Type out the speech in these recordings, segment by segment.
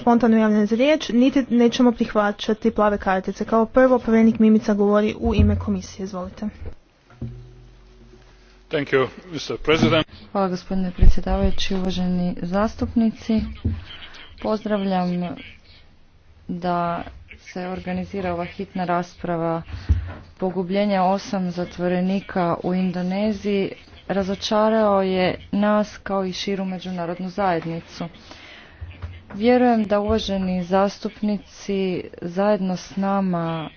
spontano javljanje za riječ, niti nećemo prihvaćati plave kartice. Kao prvo, povjerenik Mimica govori u ime komisije. Izvolite. Hvala gospodine predsjedavajući, uvaženi zastupnici. Pozdravljam da se organizira ova hitna rasprava pogubljenja osam zatvorenika u Indoneziji razočarao je nas kao i širu međunarodnu zajednicu. Vjerujem da uvaženi zastupnici zajedno s nama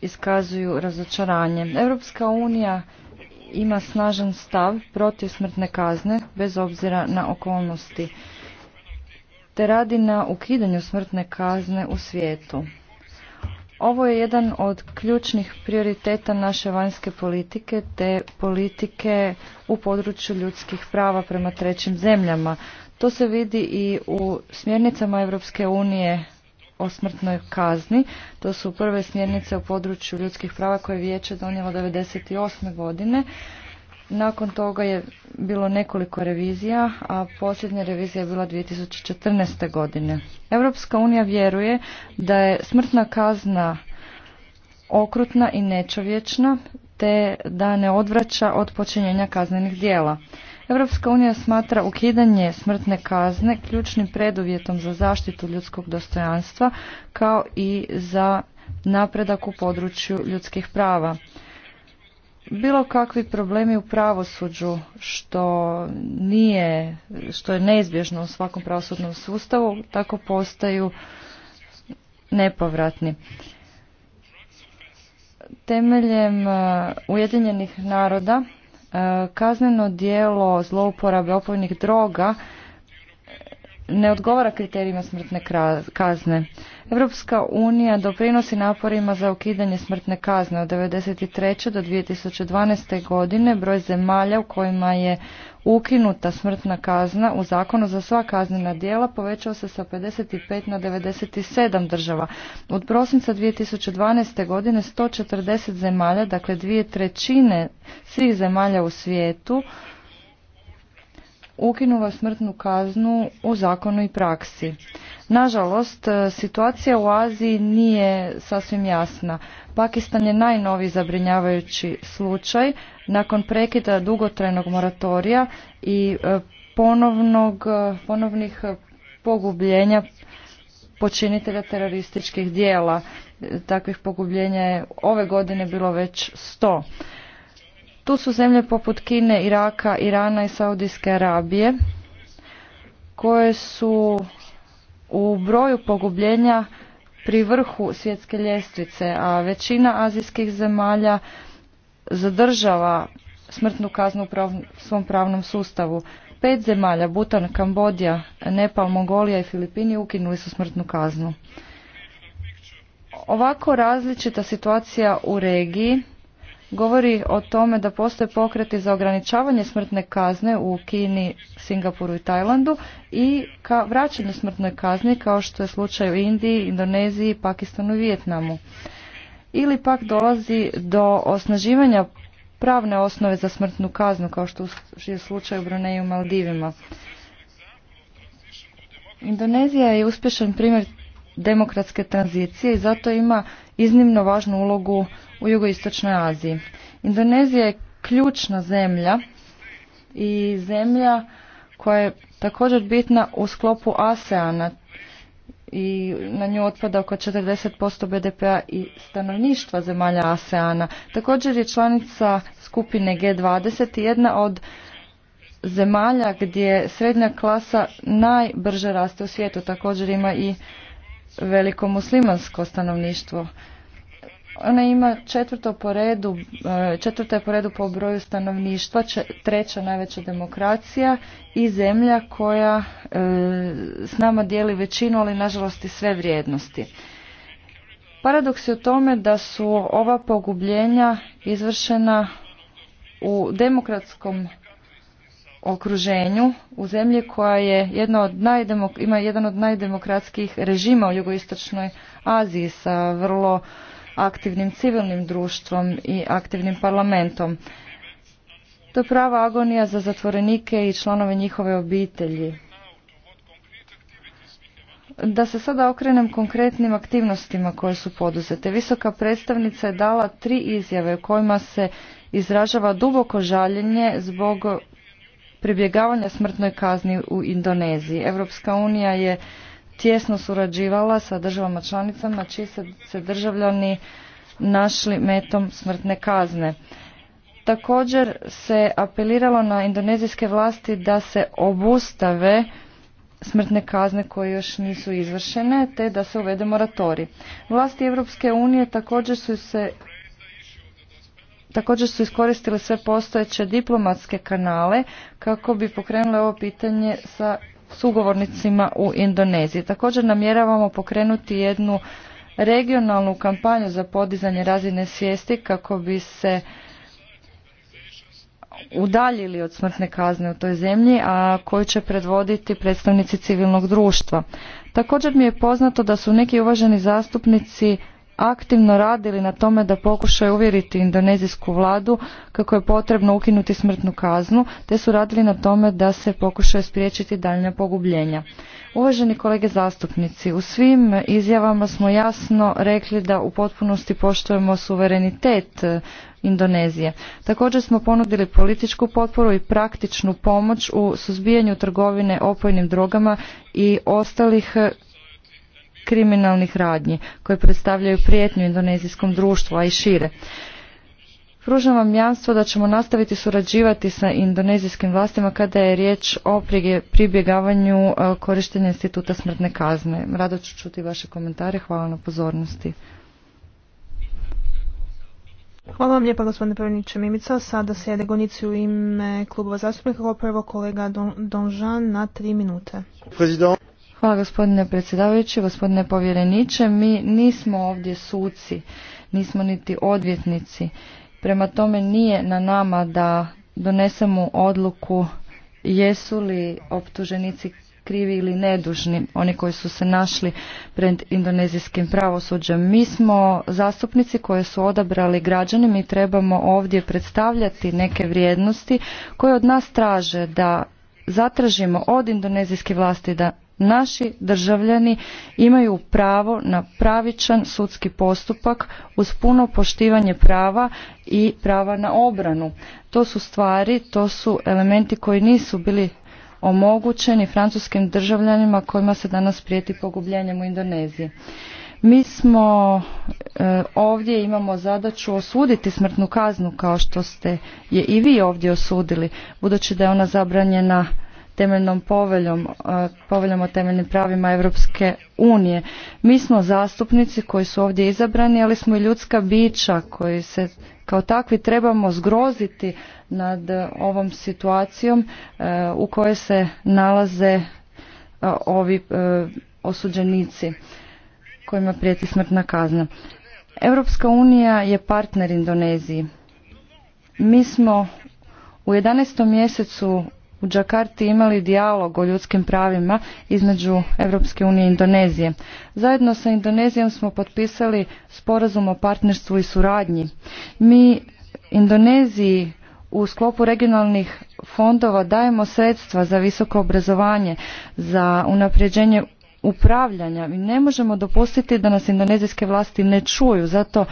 iskazuju razočaranje. Europska unija ima snažan stav protiv smrtne kazne bez obzira na okolnosti te radi na ukidanju smrtne kazne u svijetu. Ovo je jedan od ključnih prioriteta naše vanjske politike te politike u području ljudskih prava prema trećim zemljama. To se vidi i u smjernicama Europske unije o smrtnoj kazni. To su prve smjernice u području ljudskih prava koje je vijeće donijelo 1998. godine nakon toga je bilo nekoliko revizija, a posljednja revizija je bila 2014. godine. Europska unija vjeruje da je smrtna kazna okrutna i nečovječna, te da ne odvraća od počinjenja kaznenih dijela. Europska unija smatra ukidanje smrtne kazne ključnim preduvjetom za zaštitu ljudskog dostojanstva kao i za napredak u području ljudskih prava bilo kakvi problemi u pravosuđu što nije, što je neizbježno u svakom pravosudnom sustavu, tako postaju nepovratni. Temeljem e, Ujedinjenih naroda e, kazneno dijelo zlouporabe opojnih droga ne odgovara kriterijima smrtne kazne. Europska unija doprinosi naporima za ukidanje smrtne kazne od 1993. do 2012. godine. Broj zemalja u kojima je ukinuta smrtna kazna u zakonu za sva kaznena djela povećao se sa 55 na 97 država. Od prosinca 2012. godine 140 zemalja, dakle dvije trećine svih zemalja u svijetu, ukinula smrtnu kaznu u zakonu i praksi. Nažalost, e, situacija u Aziji nije sasvim jasna. Pakistan je najnoviji zabrinjavajući slučaj nakon prekida dugotrajnog moratorija i e, ponovnog, e, ponovnih pogubljenja počinitelja terorističkih dijela. Takvih pogubljenja je ove godine bilo već sto. Tu su zemlje poput Kine, Iraka, Irana i Saudijske Arabije koje su u broju pogubljenja pri vrhu svjetske ljestvice, a većina azijskih zemalja zadržava smrtnu kaznu u svom pravnom sustavu. Pet zemalja, Butan, Kambodija, Nepal, Mongolija i Filipini ukinuli su smrtnu kaznu. Ovako različita situacija u regiji govori o tome da postoje pokreti za ograničavanje smrtne kazne u Kini, Singapuru i Tajlandu i ka vraćanju smrtnoj kazni kao što je slučaj u Indiji, Indoneziji, Pakistanu i Vijetnamu. Ili pak dolazi do osnaživanja pravne osnove za smrtnu kaznu kao što je slučaj u Bruneju i Maldivima. Indonezija je uspješan primjer demokratske tranzicije i zato ima iznimno važnu ulogu u jugoistočnoj Aziji. Indonezija je ključna zemlja i zemlja koja je također bitna u sklopu ASEANA i na nju otpada oko 40% BDP-a i stanovništva zemalja ASEANA. Također je članica skupine G20 jedna od zemalja gdje srednja klasa najbrže raste u svijetu. Također ima i veliko muslimansko stanovništvo. Ona ima četvrto po redu, e, četvrta je po redu po broju stanovništva, treća najveća demokracija i zemlja koja e, s nama dijeli većinu, ali nažalost i sve vrijednosti. Paradoks je u tome da su ova pogubljenja izvršena u demokratskom okruženju u zemlji koja je jedna od ima jedan od najdemokratskih režima u jugoistočnoj Aziji sa vrlo aktivnim civilnim društvom i aktivnim parlamentom. To je prava agonija za zatvorenike i članove njihove obitelji. Da se sada okrenem konkretnim aktivnostima koje su poduzete. Visoka predstavnica je dala tri izjave u kojima se izražava duboko žaljenje zbog pribjegavanja smrtnoj kazni u Indoneziji. Europska unija je tjesno surađivala sa državama članicama čiji se, se državljani našli metom smrtne kazne. Također se apeliralo na indonezijske vlasti da se obustave smrtne kazne koje još nisu izvršene te da se uvede moratori. Vlasti Europske unije također su se Također su iskoristile sve postojeće diplomatske kanale kako bi pokrenule ovo pitanje sa sugovornicima u Indoneziji. Također namjeravamo pokrenuti jednu regionalnu kampanju za podizanje razine svijesti kako bi se udaljili od smrtne kazne u toj zemlji, a koju će predvoditi predstavnici civilnog društva. Također mi je poznato da su neki uvaženi zastupnici aktivno radili na tome da pokušaju uvjeriti indonezijsku vladu kako je potrebno ukinuti smrtnu kaznu, te su radili na tome da se pokušaju spriječiti daljnja pogubljenja. Uvaženi kolege zastupnici, u svim izjavama smo jasno rekli da u potpunosti poštujemo suverenitet e, Indonezije. Također smo ponudili političku potporu i praktičnu pomoć u suzbijanju trgovine opojnim drogama i ostalih e, kriminalnih radnji koje predstavljaju prijetnju indonezijskom društvu, a i šire. Pružam vam jamstvo da ćemo nastaviti surađivati sa indonezijskim vlastima kada je riječ o pribjegavanju e, korištenja instituta smrtne kazne. Rado ću čuti vaše komentare. Hvala na pozornosti. Hvala vam lijepa gospodine Prvniče Mimica. Sada slijede gonici u ime klubova zastupnika. prvo kolega Donžan na tri minute. Prezident, Hvala gospodine predsjedavajući, gospodine povjereniče. Mi nismo ovdje suci, nismo niti odvjetnici. Prema tome nije na nama da donesemo odluku jesu li optuženici krivi ili nedužni, oni koji su se našli pred indonezijskim pravosuđem. Mi smo zastupnici koje su odabrali građani, mi trebamo ovdje predstavljati neke vrijednosti koje od nas traže da zatražimo od indonezijske vlasti da Naši državljani imaju pravo na pravičan sudski postupak uz puno poštivanje prava i prava na obranu. To su stvari, to su elementi koji nisu bili omogućeni francuskim državljanima kojima se danas prijeti pogubljenjem u Indoneziji. Mi smo e, ovdje imamo zadaću osuditi smrtnu kaznu kao što ste je i vi ovdje osudili, budući da je ona zabranjena temeljnom poveljom, e, poveljom o temeljnim pravima Europske unije. Mi smo zastupnici koji su ovdje izabrani, ali smo i ljudska bića koji se kao takvi trebamo zgroziti nad ovom situacijom e, u kojoj se nalaze e, ovi osuđenici kojima prijeti smrtna kazna. Europska unija je partner Indoneziji. Mi smo u 11. mjesecu u Džakarti imali dijalog o ljudskim pravima između Europske unije i Indonezije. Zajedno sa Indonezijom smo potpisali sporazum o partnerstvu i suradnji. Mi Indoneziji u sklopu regionalnih fondova dajemo sredstva za visoko obrazovanje, za unapređenje upravljanja. Mi ne možemo dopustiti da nas indonezijske vlasti ne čuju, zato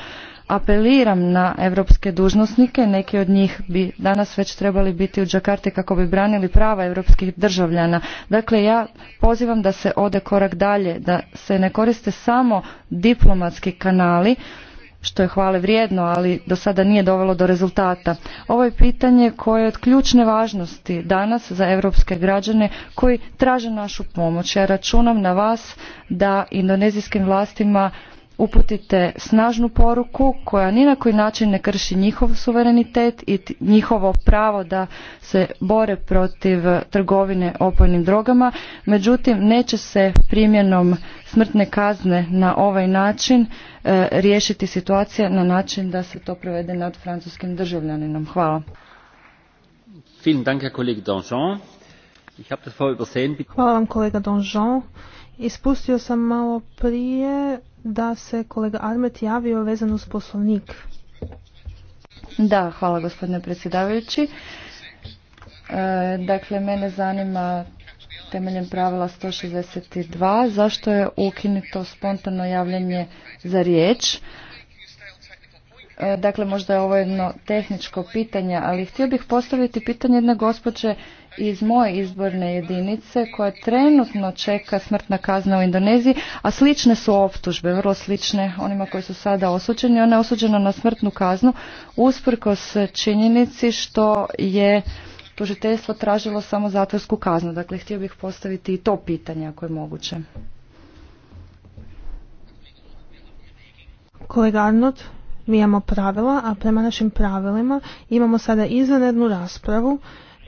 apeliram na europske dužnosnike, neki od njih bi danas već trebali biti u Đakarti kako bi branili prava europskih državljana. Dakle, ja pozivam da se ode korak dalje, da se ne koriste samo diplomatski kanali, što je hvale vrijedno, ali do sada nije dovelo do rezultata. Ovo je pitanje koje je od ključne važnosti danas za europske građane koji traže našu pomoć. Ja računam na vas da indonezijskim vlastima uputite snažnu poruku koja ni na koji način ne krši njihov suverenitet i njihovo pravo da se bore protiv trgovine opojnim drogama. Međutim, neće se primjenom smrtne kazne na ovaj način e, riješiti situacija na način da se to provede nad francuskim državljaninom. Hvala. Hvala vam kolega Donjon. Ispustio sam malo prije da se kolega Armet javio vezan uz poslovnik. Da, hvala gospodine predsjedavajući. E, dakle, mene zanima temeljem pravila 162 zašto je ukinuto spontano javljanje za riječ. E, dakle, možda je ovo jedno tehničko pitanje, ali htio bih postaviti pitanje jedne gospođe iz moje izborne jedinice koja trenutno čeka smrtna kazna u Indoneziji, a slične su optužbe, vrlo slične onima koji su sada osuđeni. Ona je osuđena na smrtnu kaznu usprkos činjenici što je tužiteljstvo tražilo samo zatvorsku kaznu. Dakle, htio bih postaviti i to pitanje ako je moguće. Kolega mi imamo pravila, a prema našim pravilima imamo sada izvanrednu raspravu,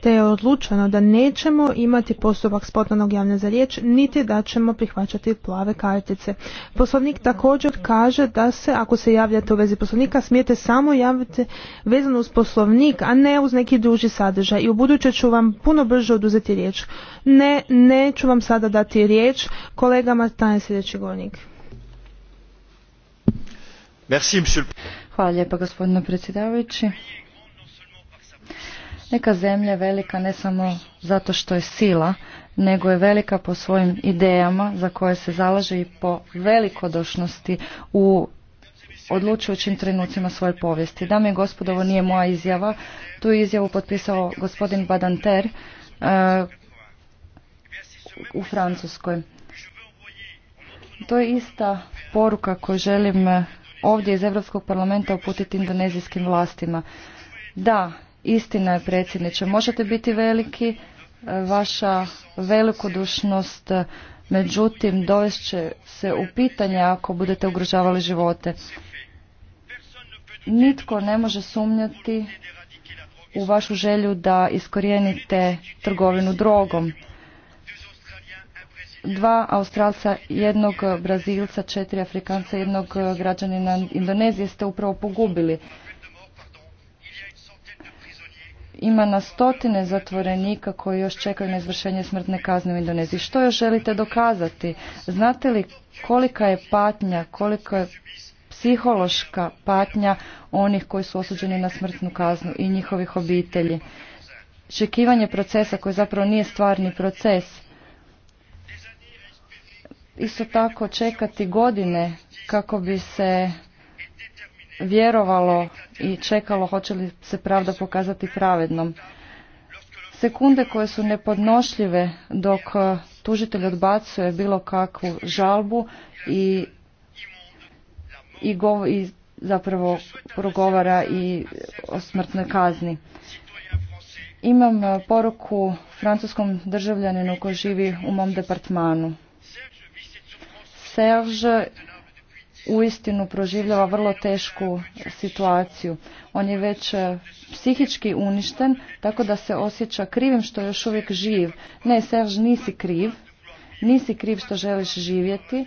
te je odlučeno da nećemo imati postupak spontanog javne za riječ, niti da ćemo prihvaćati plave kartice. Poslovnik također kaže da se, ako se javljate u vezi poslovnika, smijete samo javiti vezano uz poslovnik, a ne uz neki duži sadržaj. I u buduće ću vam puno brže oduzeti riječ. Ne, neću vam sada dati riječ. Kolega Martan je sljedeći govornik. Hvala lijepa gospodine predsjedavajući. Neka zemlja je velika ne samo zato što je sila, nego je velika po svojim idejama za koje se zalaže i po velikodošnosti u odlučujućim trenucima svoje povijesti. Dame i gospodo, ovo nije moja izjava. Tu izjavu potpisao gospodin Badanter eh, u Francuskoj. To je ista poruka koju želim ovdje iz Europskog parlamenta uputiti indonezijskim vlastima. Da, istina je predsjedniče, možete biti veliki, e, vaša velikodušnost e, međutim dovest će se u pitanje ako budete ugrožavali živote. Nitko ne može sumnjati u vašu želju da iskorijenite trgovinu drogom dva Australca, jednog Brazilca, četiri Afrikanca, jednog građanina Indonezije ste upravo pogubili. Ima na stotine zatvorenika koji još čekaju na izvršenje smrtne kazne u Indoneziji. Što još želite dokazati? Znate li kolika je patnja, kolika je psihološka patnja onih koji su osuđeni na smrtnu kaznu i njihovih obitelji? Čekivanje procesa koji zapravo nije stvarni proces isto tako čekati godine kako bi se vjerovalo i čekalo hoće li se pravda pokazati pravednom. Sekunde koje su nepodnošljive dok tužitelj odbacuje bilo kakvu žalbu i, i, zapravo progovara i o smrtnoj kazni. Imam poruku francuskom državljaninu koji živi u mom departmanu. Serge istinu proživljava vrlo tešku situaciju. On je već e, psihički uništen, tako da se osjeća krivim što je još uvijek živ. Ne, Serge, nisi kriv. Nisi kriv što želiš živjeti.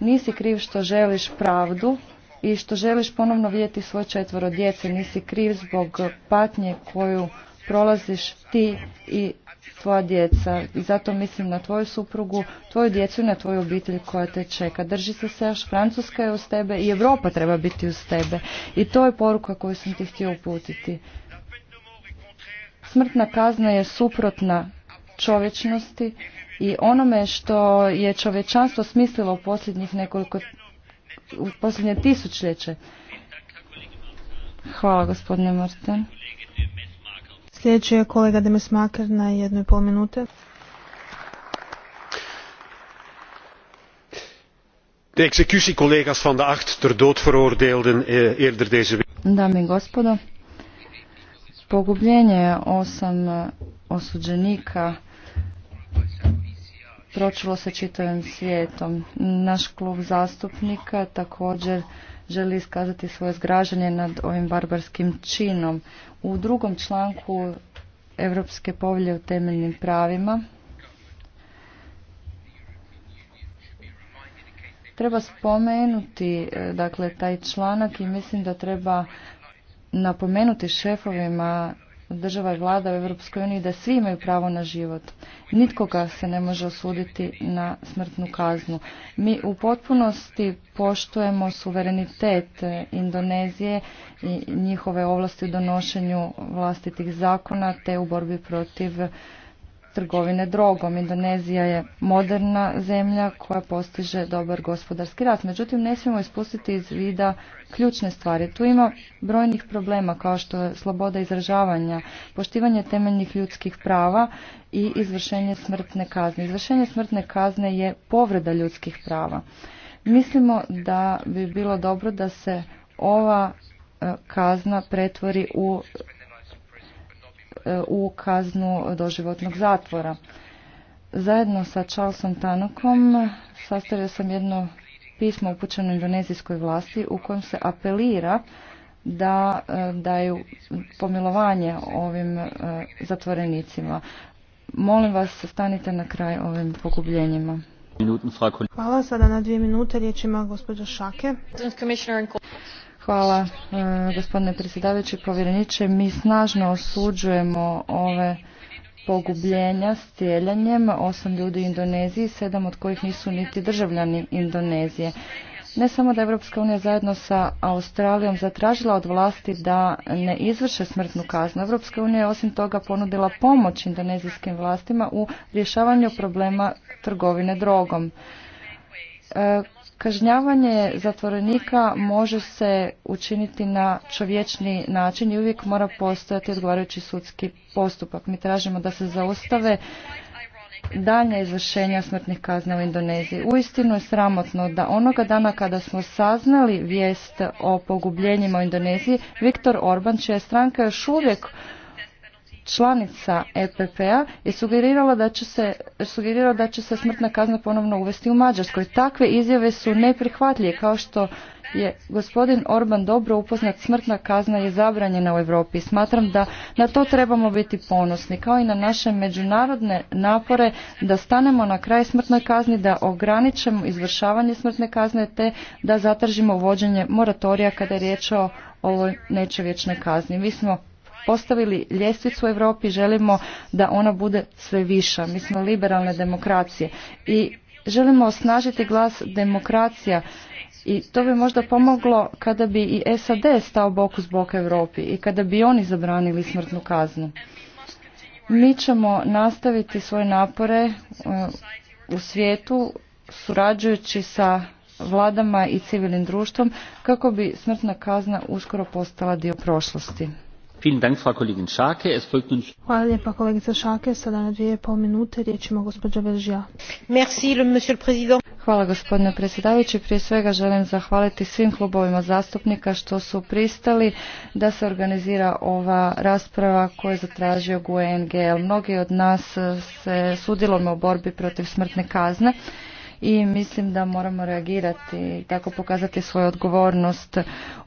Nisi kriv što želiš pravdu i što želiš ponovno vidjeti svoje četvoro djece. Nisi kriv zbog patnje koju prolaziš ti i tvoja djeca i zato mislim na tvoju suprugu, tvoju djecu i na tvoju obitelj koja te čeka. Drži se se još, Francuska je uz tebe i Europa treba biti uz tebe. I to je poruka koju sam ti htio uputiti. Smrtna kazna je suprotna čovječnosti i onome što je čovječanstvo smislilo u posljednjih nekoliko u posljednje tisućljeće. Hvala gospodine Martin. Sljedeći je kolega Demes Makar na jednu i pol minute. De executiecollega's van de acht ter dood veroordeelden eh, eerder deze week. Dame i gospodo, pogubljenje osam osuđenika pročilo se čitavim svijetom. Naš klub zastupnika također želi iskazati svoje zgražanje nad ovim barbarskim činom. U drugom članku Europske povelje o temeljnim pravima treba spomenuti e, dakle taj članak i mislim da treba napomenuti šefovima država i vlada u Europskoj uniji da svi imaju pravo na život. Nitko se ne može osuditi na smrtnu kaznu. Mi u potpunosti poštujemo suverenitet Indonezije i njihove ovlasti u donošenju vlastitih zakona te u borbi protiv trgovine drogom. Indonezija je moderna zemlja koja postiže dobar gospodarski rast. Međutim, ne smijemo ispustiti iz vida ključne stvari. Tu ima brojnih problema kao što je sloboda izražavanja, poštivanje temeljnih ljudskih prava i izvršenje smrtne kazne. Izvršenje smrtne kazne je povreda ljudskih prava. Mislimo da bi bilo dobro da se ova e, kazna pretvori u E, u kaznu doživotnog zatvora. Zajedno sa Charlesom Tanokom sastavio sam jedno pismo upućeno indonezijskoj vlasti u kojem se apelira da e, daju pomilovanje ovim e, zatvorenicima. Molim vas, stanite na kraj ovim pogubljenjima. Hvala. Sada na dvije minute riječ ima gospođa Šake. Hvala e, gospodine predsjedavajući povjereniče. Mi snažno osuđujemo ove pogubljenja s cijeljanjem, osam ljudi u Indoneziji, sedam od kojih nisu niti državljani Indonezije. Ne samo da Evropska unija zajedno sa Australijom zatražila od vlasti da ne izvrše smrtnu kaznu. Evropska unija je osim toga ponudila pomoć indonezijskim vlastima u rješavanju problema trgovine drogom. E, Kažnjavanje zatvorenika može se učiniti na čovječni način i uvijek mora postojati odgovarajući sudski postupak. Mi tražimo da se zaustave dalje izvršenja smrtnih kazna u Indoneziji. Uistinu je sramotno da onoga dana kada smo saznali vijest o pogubljenjima u Indoneziji, Viktor Orban, čija je stranka još uvijek članica EPP-a je sugerirala da će se, sugerirala da će se smrtna kazna ponovno uvesti u Mađarskoj. Takve izjave su neprihvatljive kao što je gospodin Orban dobro upoznat smrtna kazna je zabranjena u Europi. Smatram da na to trebamo biti ponosni kao i na naše međunarodne napore da stanemo na kraj smrtnoj kazni, da ograničemo izvršavanje smrtne kazne te da zatražimo uvođenje moratorija kada je riječ o ovoj nečovječnoj kazni. Mi smo postavili ljestvicu u Europi, želimo da ona bude sve viša. Mi smo liberalne demokracije i želimo osnažiti glas demokracija i to bi možda pomoglo kada bi i SAD stao bok uz bok Europi i kada bi oni zabranili smrtnu kaznu. Mi ćemo nastaviti svoje napore e, u svijetu surađujući sa vladama i civilnim društvom kako bi smrtna kazna uskoro postala dio prošlosti. Hvala Sada Hvala gospodine predsjedavajući. Prije svega želim zahvaliti svim klubovima zastupnika što su pristali da se organizira ova rasprava koju je zatražio GUNGL. Mnogi od nas se sudjelujemo u borbi protiv smrtne kazne i mislim da moramo reagirati i tako pokazati svoju odgovornost.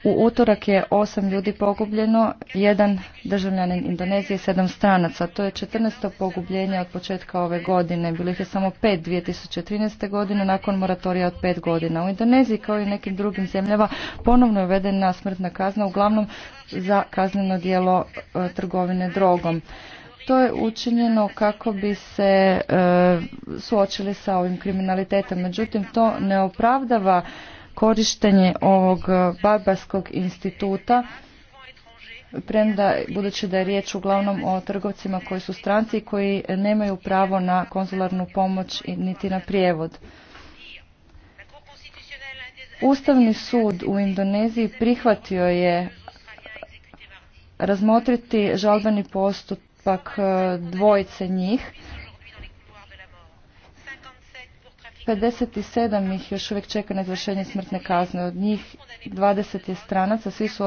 U utorak je osam ljudi pogubljeno, jedan državljanin Indonezije sedam stranaca. To je 14. pogubljenje od početka ove godine. Bilo ih je samo pet 2013. godine nakon moratorija od pet godina. U Indoneziji kao i nekim drugim zemljama ponovno je uvedena smrtna kazna uglavnom za kazneno djelo e, trgovine drogom. To je učinjeno kako bi se e, suočili sa ovim kriminalitetom. Međutim, to ne opravdava korištenje ovog barbarskog instituta premda budući da je riječ uglavnom o trgovcima koji su stranci i koji nemaju pravo na konzularnu pomoć niti na prijevod. Ustavni sud u Indoneziji prihvatio je razmotriti žalbeni postup, ipak e, dvojice njih. 57 ih još uvijek čeka na izvršenje smrtne kazne. Od njih 20 je stranaca, svi su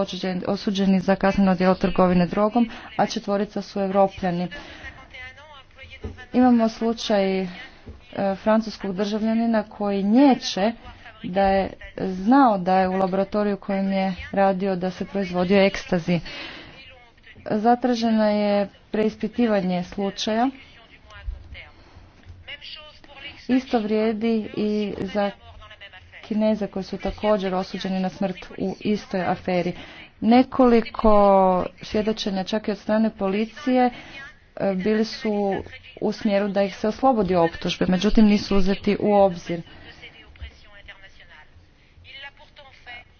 osuđeni za kazneno djelo trgovine drogom, a četvorica su evropljani. Imamo slučaj e, francuskog državljanina koji nječe da je znao da je u laboratoriju kojem je radio da se proizvodio ekstazi zatraženo je preispitivanje slučaja. Isto vrijedi i za Kineze koji su također osuđeni na smrt u istoj aferi. Nekoliko svjedočenja čak i od strane policije e, bili su u smjeru da ih se oslobodi optužbe, međutim nisu uzeti u obzir.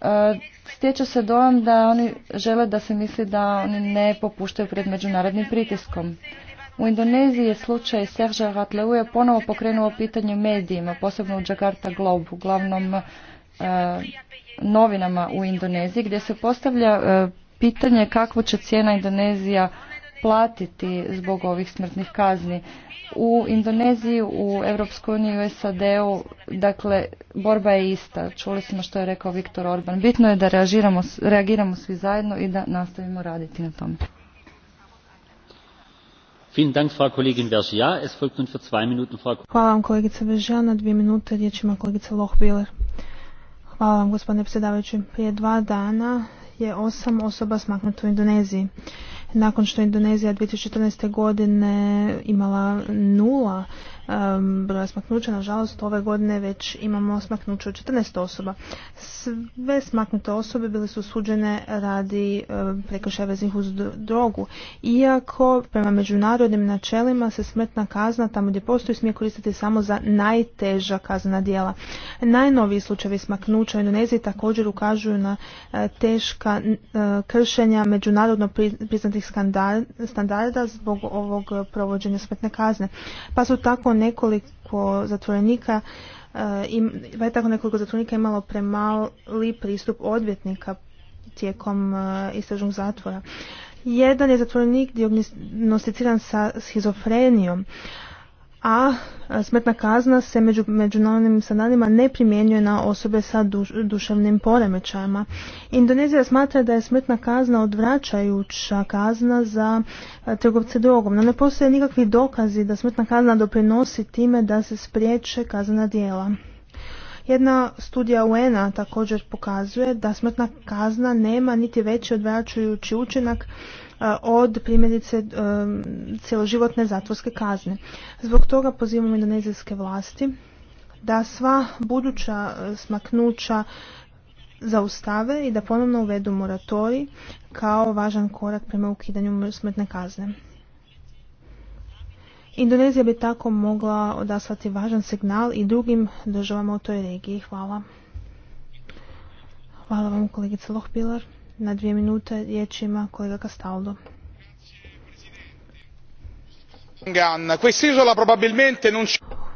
E, stječe se dojam da oni žele da se misli da oni ne popuštaju pred međunarodnim pritiskom. U Indoneziji je slučaj Serge Ratleuja ponovo pokrenuo pitanje medijima, posebno u Jakarta Globe, uglavnom e, novinama u Indoneziji, gdje se postavlja e, pitanje kakvu će cijena Indonezija platiti zbog ovih smrtnih kazni. U Indoneziji, u Europskoj uniji, u SAD-u, dakle, borba je ista. Čuli smo što je rekao Viktor Orban. Bitno je da reagiramo, reagiramo svi zajedno i da nastavimo raditi na tome. Hvala vam kolegice dvije minute riječ ima kolegica Lohbiler. Hvala vam gospodine predsjedavajući. Prije dva dana je osam osoba smaknuto u Indoneziji nakon što je Indonezija 2014. godine imala nula broja smaknuća. Nažalost, ove godine već imamo smaknuće od 14 osoba. Sve smaknute osobe bile su suđene radi um, prekršaja veznih uz drogu. Iako prema međunarodnim načelima se smrtna kazna tamo gdje postoji smije koristiti samo za najteža kaznena djela. Najnoviji slučajevi smaknuća u Indoneziji također ukažuju na e, teška e, kršenja međunarodno priznatih standarda zbog ovog provođenja smrtne kazne. Pa su tako nekoliko zatvorenika pa je tako nekoliko zatvorenika imalo premali pristup odvjetnika tijekom eh, istražnog zatvora. Jedan je zatvorenik diagnosticiran sa schizofrenijom, a smrtna kazna se među međunarodnim standardima ne primjenjuje na osobe sa duševnim poremećajima. Indonezija smatra da je smrtna kazna odvraćajuća kazna za e, trgovce drogom, no ne postoje nikakvi dokazi da smrtna kazna doprinosi time da se spriječe kaznena djela. Jedna studija un također pokazuje da smrtna kazna nema niti veći odvraćajući učinak od primjerice e, cjeloživotne zatvorske kazne. Zbog toga pozivamo indonezijske vlasti da sva buduća e, smaknuća zaustave i da ponovno uvedu moratorij kao važan korak prema ukidanju smrtne kazne. Indonezija bi tako mogla odaslati važan signal i drugim državama u toj regiji. Hvala. Hvala vam kolegice Lohpilar na dvije minute riječima kolega Castaldo.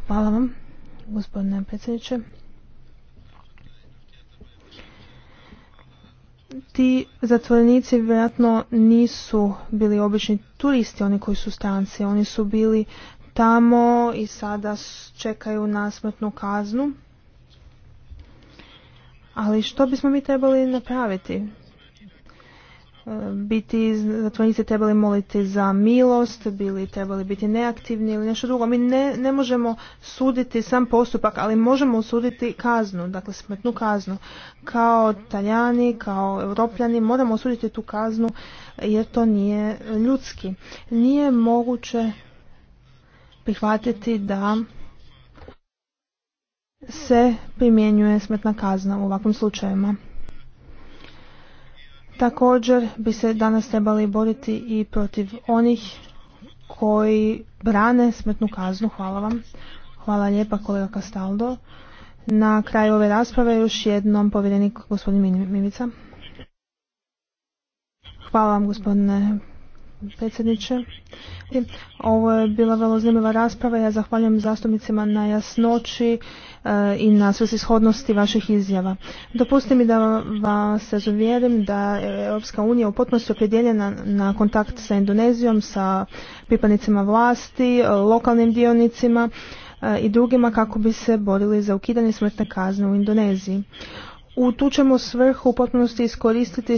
Hvala vam, gospodine predsjedniče. ti zatvorenici vjerojatno nisu bili obični turisti, oni koji su stranci, oni su bili tamo i sada čekaju na smrtnu kaznu. Ali što bismo mi trebali napraviti? biti zatvornici trebali moliti za milost, bili trebali biti neaktivni ili nešto drugo. Mi ne, ne možemo suditi sam postupak, ali možemo suditi kaznu, dakle smrtnu kaznu. Kao taljani, kao europljani moramo suditi tu kaznu jer to nije ljudski. Nije moguće prihvatiti da se primjenjuje smrtna kazna u ovakvim slučajevima. Također bi se danas trebali boriti i protiv onih koji brane smrtnu kaznu. Hvala vam. Hvala lijepa kolega Kastaldo. Na kraju ove rasprave još jednom povjerenik gospodin Mimica. Hvala vam gospodine predsjedniče. Ovo je bila vrlo zanimljiva rasprava. Ja zahvaljujem zastupnicima na jasnoći e, i na svrsishodnosti vaših izjava. Dopustite mi da vas razuvjerim da je Europska unija u potpunosti opredjeljena na kontakt sa Indonezijom, sa pripadnicima vlasti, lokalnim dionicima e, i drugima kako bi se borili za ukidanje smrtne kazne u Indoneziji. U tu ćemo svrhu u potpunosti iskoristiti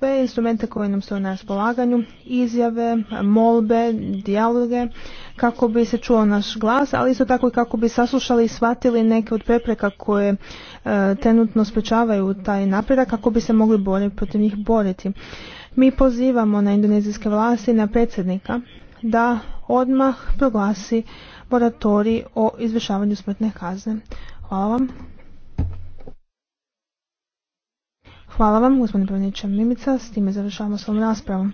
sve instrumente koje nam stoje na raspolaganju, izjave, molbe, dijaloge, kako bi se čuo naš glas, ali isto tako i kako bi saslušali i shvatili neke od prepreka koje e, trenutno sprečavaju taj napredak, kako bi se mogli bolje protiv njih boriti. Mi pozivamo na indonezijske vlasti na predsjednika da odmah proglasi moratorij o izvršavanju smrtne kazne. Hvala vam. Hvala vam, gospodine Pravnića Mimica. S time završavamo s raspravom.